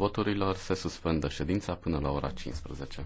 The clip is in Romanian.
voturilor se suspendă ședința până la ora 15.